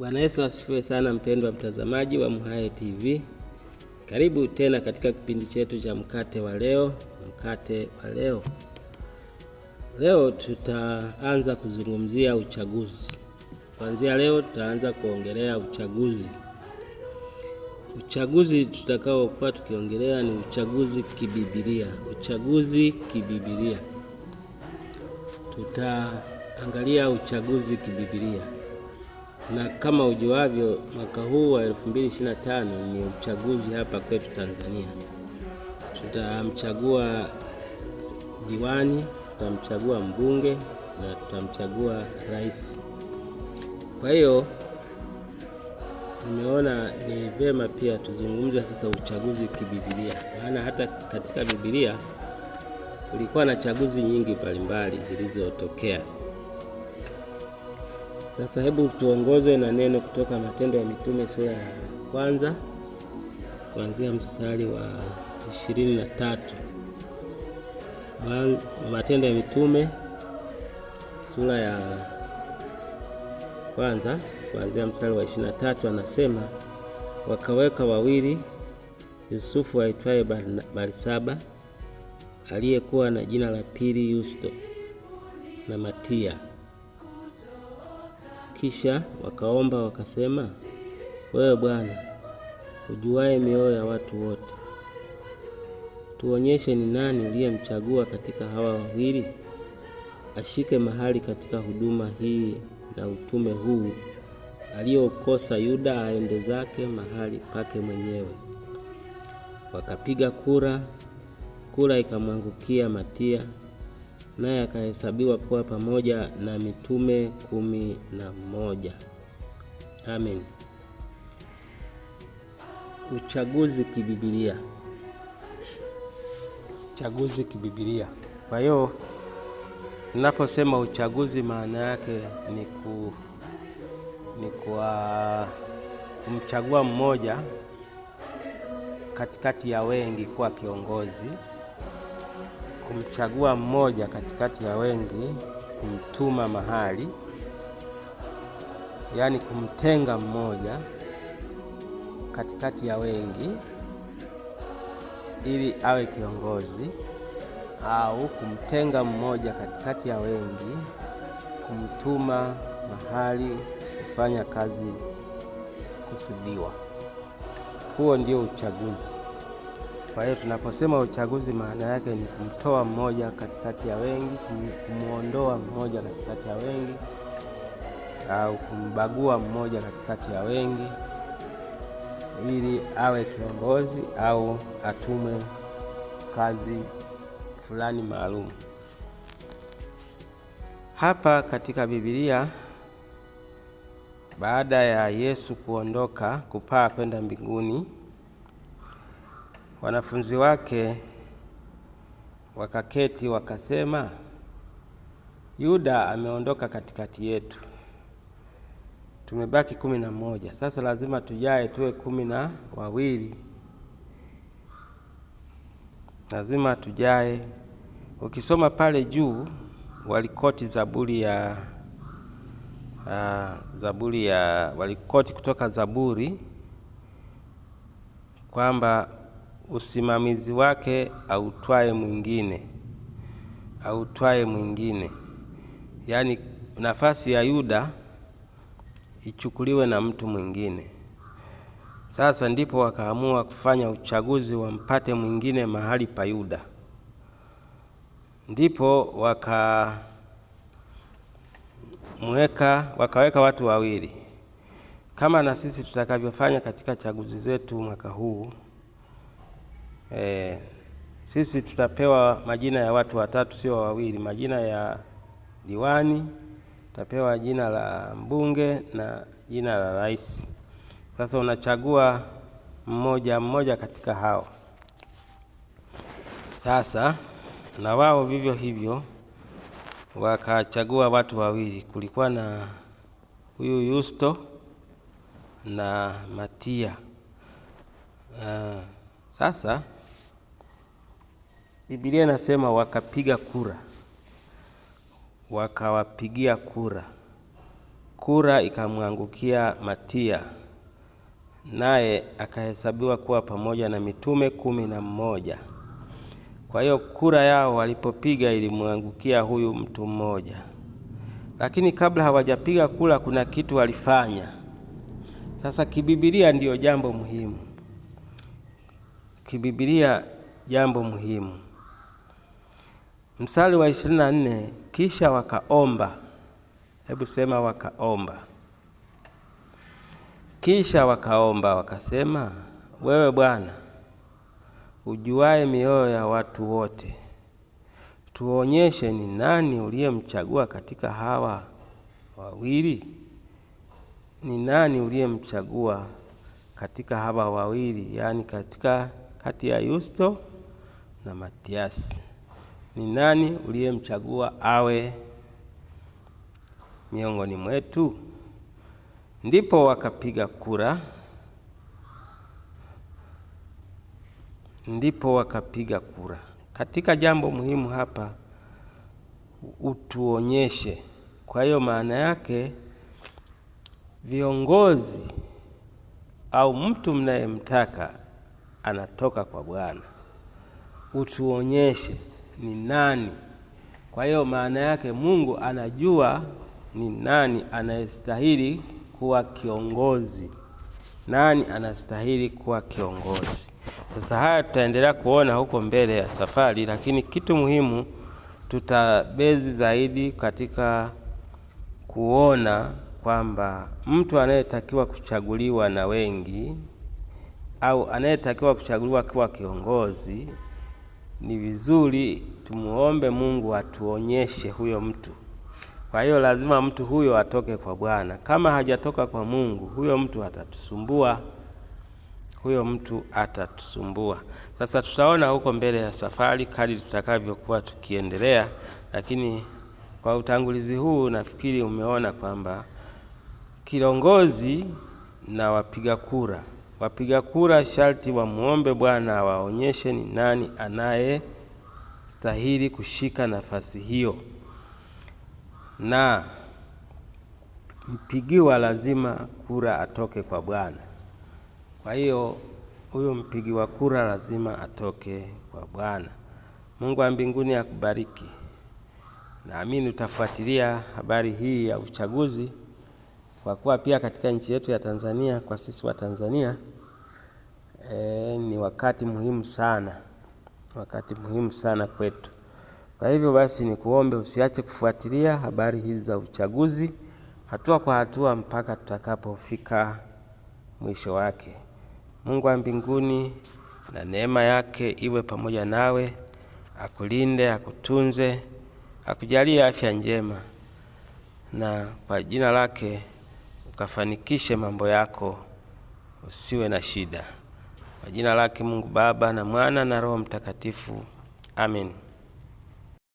Bwana Yesu asifiwe sana, mpendwa mtazamaji wa MHAE TV, karibu tena katika kipindi chetu cha mkate wa leo. Mkate wa leo, leo tutaanza kuzungumzia uchaguzi. Kuanzia leo tutaanza kuongelea uchaguzi. Uchaguzi tutakaokuwa tukiongelea ni uchaguzi kibibilia. Uchaguzi kibibilia, tutaangalia uchaguzi kibibilia na kama ujuavyo, mwaka huu wa 2025 ni uchaguzi hapa kwetu Tanzania. Tutamchagua diwani, tutamchagua mbunge na tutamchagua rais. Kwa hiyo nimeona ni vyema pia tuzungumze sasa uchaguzi kibibilia, maana hata katika Biblia kulikuwa na chaguzi nyingi mbalimbali zilizotokea. Sasa hebu tuongozwe na neno kutoka Matendo ya Mitume sura ya kwanza kuanzia mstari wa ishirini na tatu. Matendo ya Mitume sura ya kwanza kuanzia mstari wa ishirini na tatu anasema, wakaweka wawili, Yusufu aitwaye Barsaba aliyekuwa na jina la pili Yusto na Matia kisha wakaomba wakasema, wewe Bwana ujuaye mioyo ya watu wote, tuonyeshe ni nani uliyemchagua katika hawa wawili ashike mahali katika huduma hii na utume huu aliyokosa Yuda, aende zake mahali pake mwenyewe. Wakapiga kura, kura ikamwangukia Matia naye akahesabiwa kuwa pamoja na mitume kumi na mmoja. Amen. Uchaguzi kibibilia. Uchaguzi kibibilia. Kwa hiyo ninaposema uchaguzi, maana yake ni ku ni kwa kumchagua mmoja katikati ya wengi kuwa kiongozi kumchagua mmoja katikati ya wengi, kumtuma mahali, yaani kumtenga mmoja katikati ya wengi ili awe kiongozi, au kumtenga mmoja katikati ya wengi, kumtuma mahali kufanya kazi kusudiwa. Huo ndio uchaguzi. Kwa hiyo tunaposema uchaguzi, maana yake ni kumtoa mmoja katikati ya wengi, kumwondoa mmoja katikati ya wengi, au kumbagua mmoja katikati ya wengi ili awe kiongozi au atumwe kazi fulani maalum. Hapa katika Biblia, baada ya Yesu kuondoka kupaa kwenda mbinguni Wanafunzi wake wakaketi wakasema, Yuda ameondoka katikati yetu, tumebaki kumi na moja. Sasa lazima tujae tuwe kumi na wawili, lazima tujae. Ukisoma pale juu walikoti Zaburi ya uh, Zaburi ya walikoti kutoka Zaburi kwamba usimamizi wake autwae mwingine, autwae mwingine, yaani nafasi ya Yuda ichukuliwe na mtu mwingine. Sasa ndipo wakaamua kufanya uchaguzi wampate mwingine mahali pa Yuda, ndipo waka mweka wakaweka watu wawili kama na sisi tutakavyofanya katika chaguzi zetu mwaka huu. E, sisi tutapewa majina ya watu watatu, sio wawili. Majina ya diwani tutapewa jina la mbunge na jina la rais. Sasa unachagua mmoja mmoja katika hao. Sasa na wao vivyo hivyo wakachagua watu wawili, kulikuwa na huyu Yusto na Matia. Uh, sasa Biblia inasema wakapiga kura, wakawapigia kura, kura ikamwangukia Matia, naye akahesabiwa kuwa pamoja na mitume kumi na mmoja. Kwa hiyo kura yao walipopiga ilimwangukia huyu mtu mmoja, lakini kabla hawajapiga kura kuna kitu walifanya. Sasa kibibilia ndiyo jambo muhimu, kibibilia jambo muhimu mstari wa 24, na kisha wakaomba. Hebu sema wakaomba. Kisha wakaomba wakasema, wewe Bwana ujuaye mioyo ya watu wote, tuonyeshe ni nani uliyemchagua katika hawa wawili, ni nani uliyemchagua katika hawa wawili, yaani katika kati ya Yusto na Matiasi ni nani uliyemchagua awe miongoni mwetu? Ndipo wakapiga kura, ndipo wakapiga kura. Katika jambo muhimu hapa, utuonyeshe. Kwa hiyo maana yake viongozi au mtu mnayemtaka anatoka kwa Bwana, utuonyeshe ni nani. Kwa hiyo maana yake Mungu anajua ni nani anayestahili kuwa kiongozi, nani anastahili kuwa kiongozi. Sasa haya tutaendelea kuona huko mbele ya safari, lakini kitu muhimu tutabezi zaidi katika kuona kwamba mtu anayetakiwa kuchaguliwa na wengi au anayetakiwa kuchaguliwa kuwa kiongozi ni vizuri tumuombe Mungu atuonyeshe huyo mtu. Kwa hiyo lazima mtu huyo atoke kwa Bwana. Kama hajatoka kwa Mungu, huyo mtu atatusumbua, huyo mtu atatusumbua. Sasa tutaona huko mbele ya safari kadri tutakavyokuwa tukiendelea, lakini kwa utangulizi huu nafikiri umeona kwamba kilongozi na wapiga kura Wapiga kura sharti wamwombe Bwana awaonyeshe ni nani anayestahili kushika nafasi hiyo, na mpigiwa lazima kura atoke kwa Bwana. Kwa hiyo huyu mpigiwa kura lazima atoke kwa Bwana. Mungu wa mbinguni akubariki. Naamini utafuatilia habari hii ya uchaguzi kwa kuwa pia katika nchi yetu ya Tanzania kwa sisi wa Tanzania e, ni wakati muhimu sana, wakati muhimu sana kwetu. Kwa hivyo basi, nikuombe usiache kufuatilia habari hizi za uchaguzi hatua kwa hatua mpaka tutakapofika mwisho wake. Mungu wa mbinguni na neema yake iwe pamoja nawe, akulinde, akutunze, akujalie afya njema na kwa jina lake ukafanikishe mambo yako, usiwe na shida. Kwa jina lake Mungu Baba na Mwana na Roho Mtakatifu, amen.